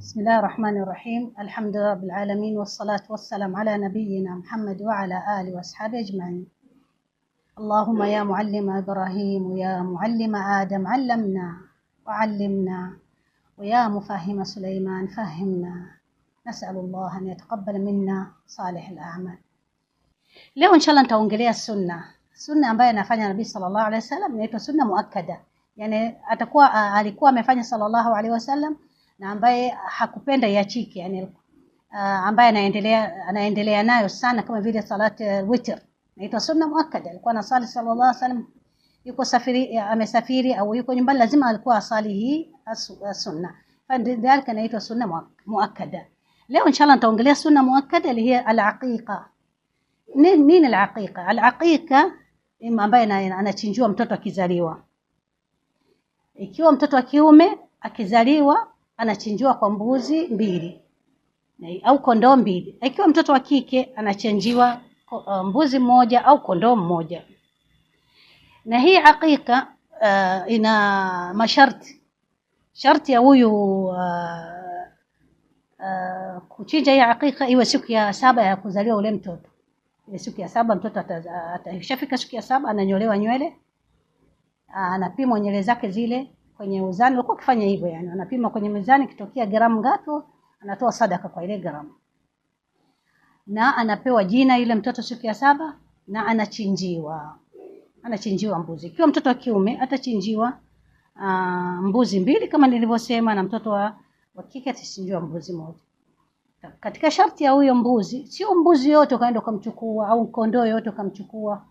بسم الله الرحمن الرحيم الحمد لله رب العالمين والصلاة والسلام على نبينا محمد وعلى آله وأصحابه أجمعين اللهم يا معلم إبراهيم ويا معلم آدم علمنا وعلمنا ويا مفهم سليمان فهمنا نسأل الله أن يتقبل منا صالح الأعمال leo السنة nitaongelea sunna sunna ambayo anafanya nabii sallallahu alaihi wasallam inaitwa sunna muakkada yani atakuwa alikuwa amefanya الله عليه وسلم na ambaye hakupenda iachike yani, uh, ambaye anaendelea anaendelea nayo sana kama vile salati witr inaitwa sunna muakkada. Alikuwa na sali sallallahu alaihi wasallam yuko safiri, amesafiri au yuko nyumbani, lazima alikuwa asali hii sunna, fadhalika inaitwa sunna muakkada. Leo inshallah nitaongelea sunna muakkada ile hiya alaqiqa. Nini, nini alaqiqa? Alaqiqa ambaye anachinjiwa mtoto akizaliwa, ikiwa mtoto wa kiume akizaliwa anachinjiwa kwa mbuzi mbili au kondoo mbili. Ikiwa mtoto wa kike anachinjiwa uh, mbuzi mmoja au kondoo mmoja. Na hii akika uh, ina masharti. Sharti ya huyu uh, uh, kuchinja hii akika iwe siku ya saba ya kuzaliwa ule mtoto. Ile siku ya saba mtoto atashafika, siku ya saba ananyolewa nywele, anapimwa nywele zake zile kwenye uzani, walikuwa wakifanya hivyo, yani wanapima kwenye mizani, kitokea gramu ngapi anatoa sadaka kwa ile gramu, na anapewa jina ile mtoto siku ya saba, na anachinjiwa anachinjiwa mbuzi. Ikiwa mtoto wa kiume atachinjiwa uh, mbuzi mbili kama nilivyosema, na mtoto wa, wa kike atachinjiwa mbuzi moja. Katika sharti ya huyo mbuzi, sio mbuzi yote ukaenda ukamchukua, au kondoo yote ukamchukua,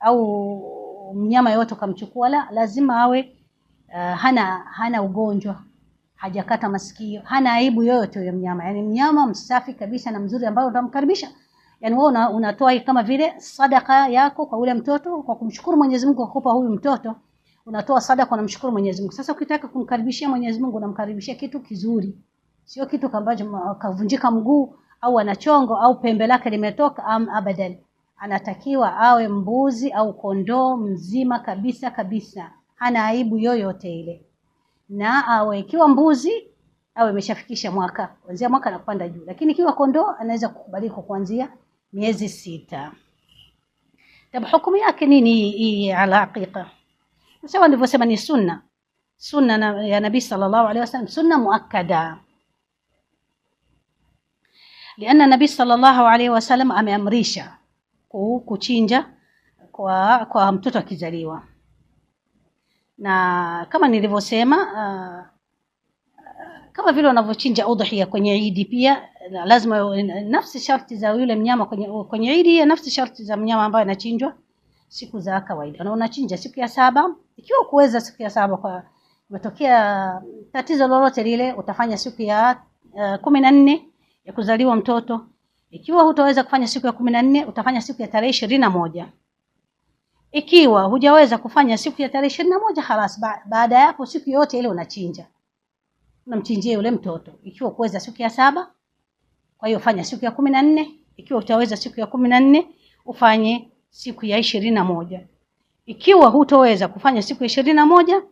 au mnyama yote ukamchukua, la lazima awe uh, hana hana ugonjwa hajakata masikio hana aibu yoyote huyo mnyama yani mnyama msafi kabisa na mzuri ambayo utamkaribisha yani wewe unatoa kama vile sadaka yako kwa ule mtoto kwa kumshukuru Mwenyezi Mungu kwa huyu mtoto unatoa sadaka unamshukuru Mwenyezi Mungu sasa ukitaka kumkaribishia Mwenyezi Mungu unamkaribishia kitu kizuri sio kitu ambacho kavunjika mguu au anachongo au pembe lake limetoka am abadal anatakiwa awe mbuzi au kondoo mzima kabisa kabisa hana aibu yoyote ile, na awe ah, ikiwa mbuzi awe ameshafikisha mwaka, kuanzia mwaka na kupanda juu, lakini ikiwa kondoo anaweza kukubalika kuanzia miezi sita. Tab, hukumu yake nini hii ala aqiqa? Sawa nilivyosema ni sunna, sunna na, ya Nabii sallallahu alaihi wasallam, sunna muakkada liana Nabii sallallahu alaihi wasallam ameamrisha kuchinja kwa, kwa mtoto akizaliwa na kama nilivyosema uh, kama vile wanavyochinja udhuhia kwenye idi pia lazima nafsi sharti za yule mnyama kwenye, kwenye idi ya nafsi sharti za mnyama ambaye anachinjwa siku za kawaida na unachinja siku ya saba ikiwa kuweza siku ya saba kwa imetokea tatizo lolote lile utafanya siku ya uh, kumi na nne ya kuzaliwa mtoto ikiwa hutaweza kufanya siku ya kumi na nne utafanya siku ya tarehe ishirini na moja ikiwa hujaweza kufanya siku ya tarehe ishirini na moja halas, baada ya hapo siku yoyote ile unachinja, unamchinjia yule mtoto. Ikiwa kuweza siku ya saba, kwa hiyo fanya siku ya kumi na nne. Ikiwa utaweza siku ya kumi na nne ufanye siku ya ishirini na moja. Ikiwa hutoweza kufanya siku ya ishirini na moja,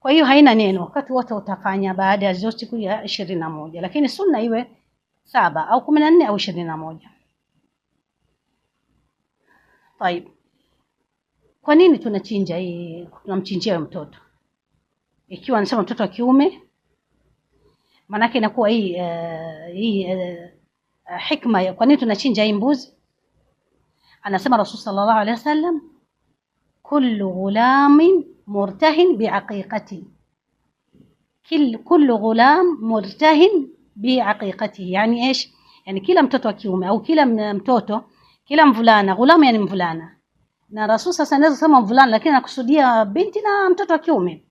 kwa hiyo haina neno, wakati wote utafanya baada ya hizo siku ya ishirini na moja, lakini sunna iwe saba au kumi na nne au ishirini na moja. Tayeb. Kwa nini tunachinja hii, tunamchinjia huyo mtoto ikiwa anasema mtoto wa kiume? Maanake inakuwa hii uh, hii uh, hikma. Kwa nini tunachinja hii mbuzi? Anasema Rasul sallallahu alaihi wasallam, kullu ghulamin murtahin biaqiqati, kullu ghulam murtahin biaqiqati, yani ish, yani kila mtoto wa kiume au kila mtoto, kila mvulana, ghulamu yani mvulana na rasul sasa naweza kusema mvulana, lakini anakusudia binti na mtoto wa kiume.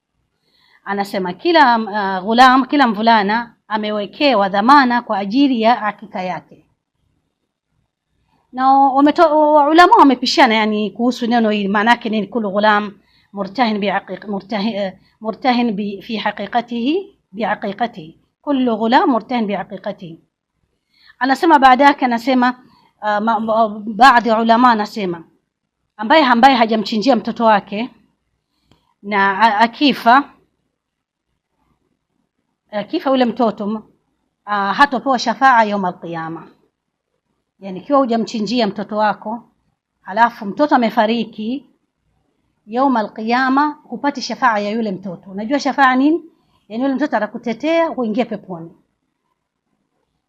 Anasema kila uh, ghulam, kila mvulana amewekewa dhamana kwa ajili ya akika yake, na ulama wamepishana yani kuhusu neno hili, maana yake nini? Kullu ghulam murtahin bi aqiq murtahin, eh, murtahin bi fi haqiqatihi bi aqiqatihi, kullu ghulam murtahin bi aqiqatihi. Anasema baada yake, anasema uh, uh baadhi ulama anasema ambaye ambaye hajamchinjia mtoto wake na akifa akifa yule mtoto a, hatopewa shafaa yaum alqiyama. Yani kiwa hujamchinjia mtoto wako halafu mtoto amefariki, yaum alqiyama hupati shafaa ya yule mtoto. Unajua shafaa nini? Yani yule mtoto atakutetea huingia peponi.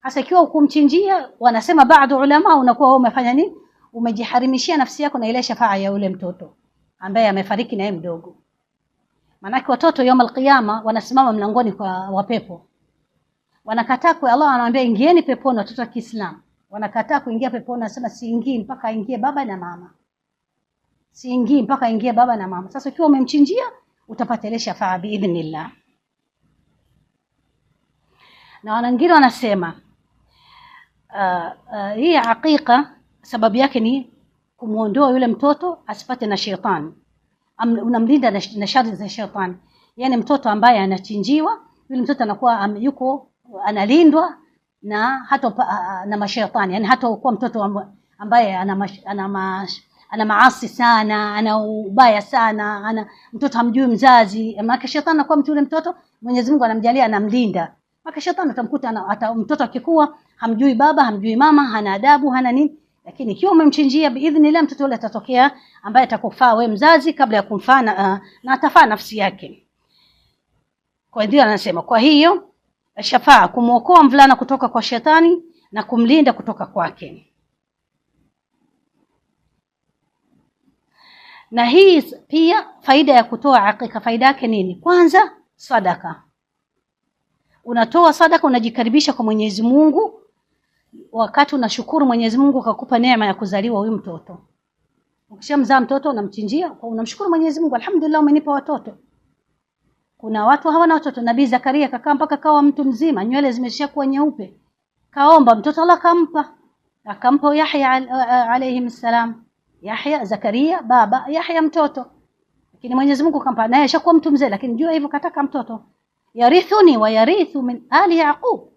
Hasa ikiwa hukumchinjia, wanasema baadhi ulama, unakuwa umefanya nini? umejiharimishia nafsi yako na ile shafaa ya ule mtoto ambaye amefariki naye mdogo. Maanake watoto yaum alqiyama wanasimama mlangoni kwa wapepo, wanakataa kwa Allah anawaambia ingieni peponi. Watoto wa Kiislamu wanakataa kuingia peponi, nasema siingii mpaka aingie baba na mama, siingii mpaka aingie baba na mama. Sasa ukiwa umemchinjia utapata ile shafaa biidhnillah. Na wengine wanasema uh, uh, hii aqiqa sababu yake ni kumwondoa yule mtoto asipate na shetani, unamlinda na shari za shetani. Yaani mtoto ambaye anachinjiwa yule mtoto anakuwa am, yuko analindwa na yaani hata na mashaitani yani hata kuwa mtoto ambaye ana ana ana maasi sana, ana ubaya sana, ana mtoto hamjui mzazi. Maana shetani anakuwa mtu yule mtoto, Mwenyezi Mungu anamjalia, anamlinda. Maana shetani utamkuta mtoto akikua hamjui baba, hamjui mama, hana adabu, hana nini lakini ikiwa umemchinjia biidhnillah, mtoto yule atatokea ambaye atakufaa we mzazi kabla ya kumfaa na, uh, ah, na atafaa nafsi yake. Kwa hiyo anasema, kwa hiyo shafaa kumwokoa mvulana kutoka kwa shetani na kumlinda kutoka kwake. Na hii pia faida ya kutoa akika, faida yake nini? Kwanza sadaka, unatoa sadaka, unajikaribisha kwa Mwenyezi Mungu wakati unashukuru Mwenyezi Mungu kakupa neema ya kuzaliwa huyu mtoto. Ukishamzaa mtoto unamchinjia, unamshukuru Mwenyezi Mungu, alhamdulillah umenipa watoto. Kuna watu hawana watoto. Nabii Zakaria kakaa mpaka kawa mtu mzima, nywele zimeshakuwa nyeupe, kaomba mtoto, Allah kampa, akampa Yahya al alayhi salam. Yahya Zakaria baba Yahya mtoto, lakini Mwenyezi Mungu kampa naye, ashakuwa mtu mzee, lakini jua hivyo kataka mtoto, yarithuni wa yarithu min ali Yaqub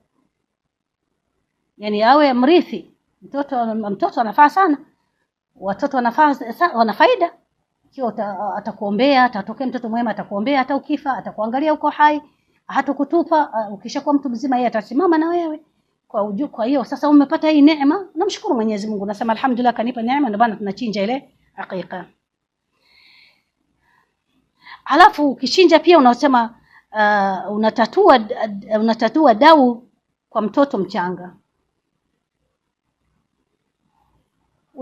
yani awe mrithi. Mtoto mtoto anafaa sana, watoto wanafaa wana faida. Ikiwa atakuombea, atatokea mtoto mwema, atakuombea hata ukifa, atakuangalia uko hai, hatakutupa. Uh, ukishakuwa mtu mzima, yeye atasimama na wewe kwa uju. Kwa hiyo sasa umepata hii neema, namshukuru Mwenyezi Mungu, nasema alhamdulillah, kanipa neema, ndio bana tunachinja ile hakika Alafu ukishinja pia unasema uh, unatatua unatatua dau kwa mtoto mchanga.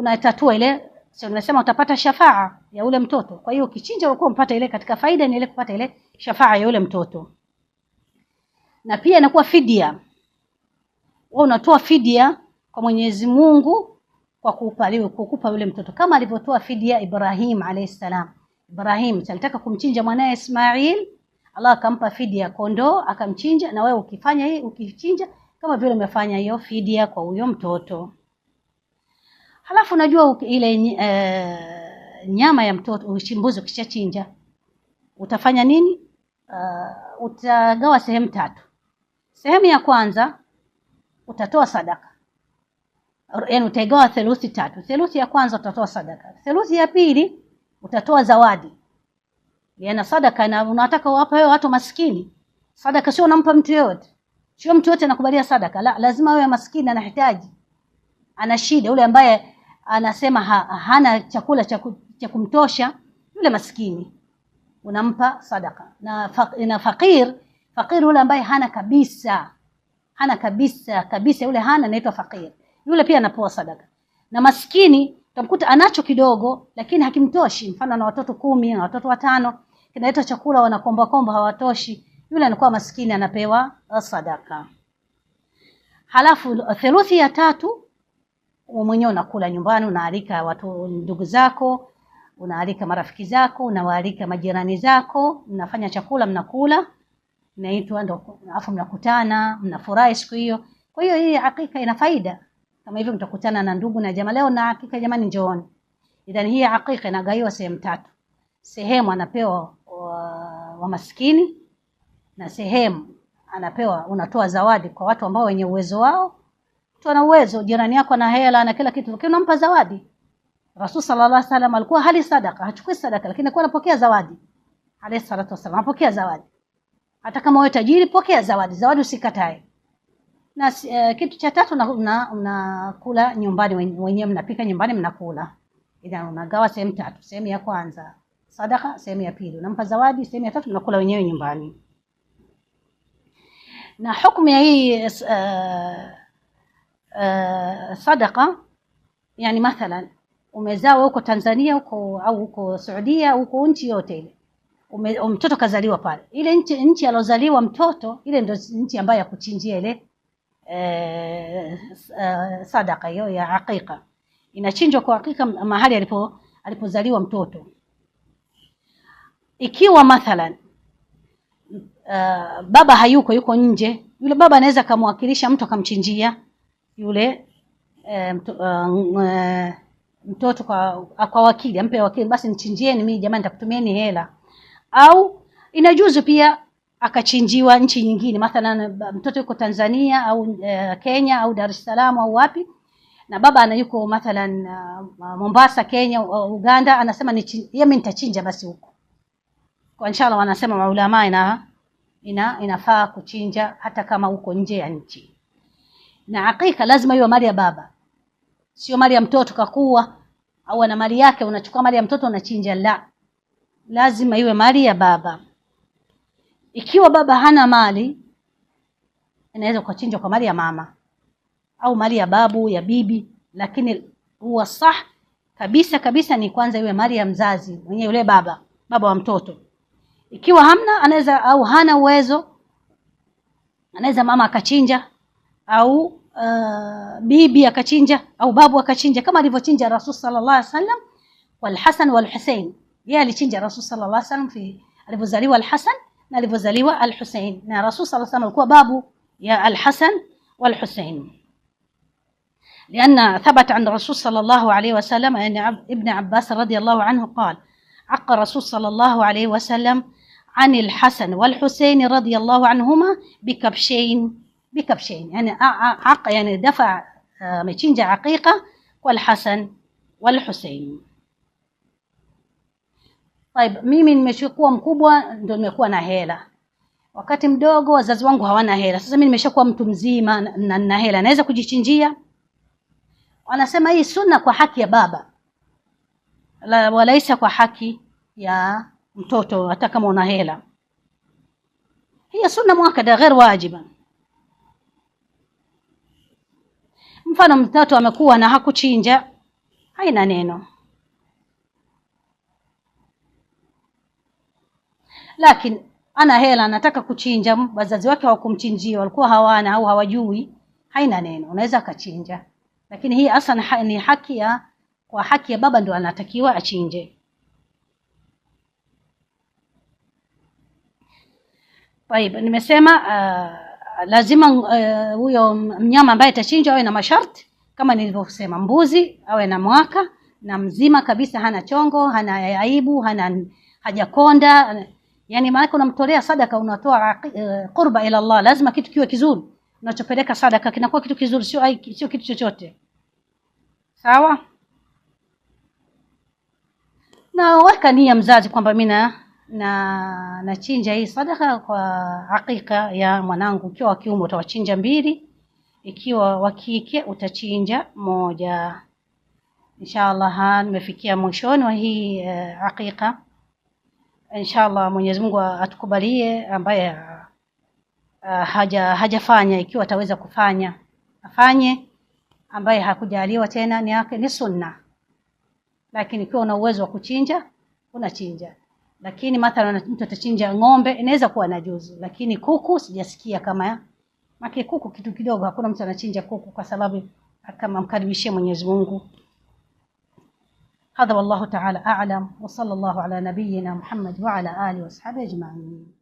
unatatua ile sio, tunasema utapata shafaa ya ule mtoto. Kwa hiyo ukichinja ulikuwa umpata ile katika faida ni ile kupata ile shafaa ya ule mtoto, na pia inakuwa fidia. Wewe unatoa fidia kwa Mwenyezi Mungu kwa kuupa kukupa yule mtoto, kama alivyotoa fidia Ibrahim alayhi salam. Ibrahim alitaka kumchinja mwanae Ismail, Allah akampa fidia kondoo akamchinja. Na wewe ukifanya hii ukichinja, kama vile umefanya hiyo fidia kwa huyo mtoto. Halafu unajua ile uh, nyama ya mtoto mbuzi ukishachinja utafanya nini? Uh, utagawa sehemu tatu. Sehemu ya kwanza utatoa sadaka, yaani utaigawa theluthi tatu. Theluthi ya kwanza utatoa sadaka, theluthi ya pili utatoa zawadi, yaani sadaka. Na unataka wapa wewe watu maskini sadaka, sio unampa mtu yoyote, sio mtu yote anakubalia sadaka. La, lazima awe maskini anahitaji, ana shida, yule ambaye anasema ha, hana chakula cha kumtosha yule maskini, unampa sadaka. Na, fa, na fakir fakir yule ambaye hana kabisa hana kabisa kabisa, yule hana anaitwa fakir, yule pia anapewa sadaka. Na maskini utamkuta anacho kidogo, lakini hakimtoshi. Mfano na watoto kumi na watoto watano, kinaleta chakula wanakomba komba, hawatoshi, yule anakuwa maskini, anapewa sadaka. Halafu theluthi ya tatu wewe mwenyewe unakula nyumbani, unaalika watu, ndugu zako, unaalika marafiki zako, unawaalika majirani zako, mnafanya chakula, mnakula, naitwa ndo, afu mnakutana, mnafurahi siku hiyo. Kwa hiyo hii hakika ina faida kama hivyo, mtakutana na ndugu na jamaa leo na hakika, jamani, njooni. Idhani hii hakika inagaiwa sehemu tatu, sehemu anapewa uh, wa maskini na sehemu anapewa, unatoa zawadi kwa watu ambao wenye uwezo wao mtu ana uwezo, jirani yako ana hela na kila kitu, lakini unampa zawadi. Rasul sallallahu alaihi wasallam alikuwa hali sadaka, hachukui sadaka, lakini alikuwa anapokea zawadi. Alayhi salatu wasallam anapokea zawadi. Hata kama wewe tajiri, pokea zawadi, zawadi usikatae. Na e, kitu cha tatu mnakula una, nyumbani wenyewe, mnapika nyumbani, mnakula. Ila unagawa sehemu tatu. Sehemu ya kwanza sadaka, sehemu ya pili unampa zawadi, sehemu ya tatu mnakula wenyewe nyumbani. Na hukumu ya hii uh, صدقة yani mathalan umezawa huko Tanzania huko au huko Saudia huko nchi yote ile mtoto kazaliwa pale, ile nchi nchi alozaliwa mtoto ile ndio nchi ambayo ya kuchinjia ile e, sadaka hiyo ya aqiqa inachinjwa kwa aqiqa mahali alipo alipozaliwa mtoto. Ikiwa mathalan baba hayuko, yuko nje, yule baba anaweza akamwakilisha mtu akamchinjia yule e, e, mtoto kwa, kwa wakili ampe wakili, basi nichinjieni mimi jamani, nitakutumieni hela. Au inajuzu pia akachinjiwa nchi nyingine, mathalan mtoto yuko Tanzania au e, Kenya au Dar es Salaam au wapi na baba ana yuko mathalan uh, Mombasa Kenya, uh, Uganda, anasema yeye nitachinja basi huko kwa inshallah. Wanasema maulama ina, ina inafaa kuchinja hata kama uko nje ya nchi na hakika lazima iwe mali ya baba, sio mali ya mtoto kakua au ana mali yake, unachukua mali ya mtoto unachinja. La, lazima iwe mali ya baba. Ikiwa baba hana mali, inaweza kuchinjwa kwa mali ya mama au mali ya babu ya bibi, lakini huwa sah kabisa kabisa ni kwanza iwe mali ya mzazi mwenye yule baba, baba wa mtoto. Ikiwa hamna, anaweza au hana uwezo, anaweza mama akachinja au آه بيبي وكachinja au babu wakachinja kama alivyochinja Rasul sallallahu alaihi wasallam walhasan walhusein. Yeye alichinja Rasul sallallahu alaihi wasallam fi alivyozaliwa Alhasan na alivyozaliwa Alhusein, na Rasul sallallahu alaihi wasallam alikuwa babu ya Alhasan walhusein. لأن ثبت عن الرسول صلى الله عليه وسلم أن ابن عباس رضي الله عنه قال عق الرسول صلى الله عليه وسلم عن الحسن والحسين رضي الله عنهما بكبشين بكبشين يعني عق يعني دفع ميتشينجا عقيقة والحسن والحسين طيب mimi nimeshakuwa mkubwa ndio nimekuwa na hela wakati mdogo wazazi wangu hawana hela sasa mimi nimeshakuwa mtu mzima na nina hela naweza kujichinjia wanasema hii sunna kwa haki ya baba la walaisa kwa haki ya mtoto hata kama una hela hiya sunna muakada ghair wajiba Mfano mtoto amekuwa na hakuchinja, haina neno, lakini ana hela, anataka kuchinja, wazazi wake hawakumchinjia, walikuwa hawana au hawajui, haina neno, unaweza akachinja. Lakini hii hasa ni haki ya kwa haki ya baba, ndio anatakiwa achinje. Taiba, nimesema uh, lazima uh, huyo uh, mnyama ambaye atachinjwa awe na masharti kama nilivyosema, mbuzi awe na mwaka na mzima kabisa, hana chongo, hana aibu, hana hajakonda. Yani maana unamtolea sadaka, unatoa uh, qurba ila Allah. Lazima kitu kiwe kizuri, unachopeleka sadaka kinakuwa kitu kizuri, sio sio kitu chochote. Sawa, na weka nia mzazi kwamba mimi na na nachinja hii sadaka kwa hakika ya mwanangu. Ikiwa wa kiume utawachinja mbili, ikiwa wa kike utachinja moja. inshallah nimefikia mwishoni wa hii eh, hakika. Uh, inshallah Mwenyezi Mungu atukubalie, ambaye uh, haja hajafanya, ikiwa ataweza kufanya afanye, ambaye hakujaliwa tena ni yake ni sunna, lakini ikiwa una uwezo wa kuchinja unachinja lakini mathalan mtu atachinja ng'ombe, inaweza kuwa na juzu, lakini kuku sijasikia kama make kuku kitu kidogo, hakuna mtu anachinja kuku kwa sababu kama amkaribishie Mwenyezi Mungu. Hadha wallahu ta'ala a'lam wa sallallahu ala nabiyyina Muhammad wa ala alihi sahbihi ajma'in.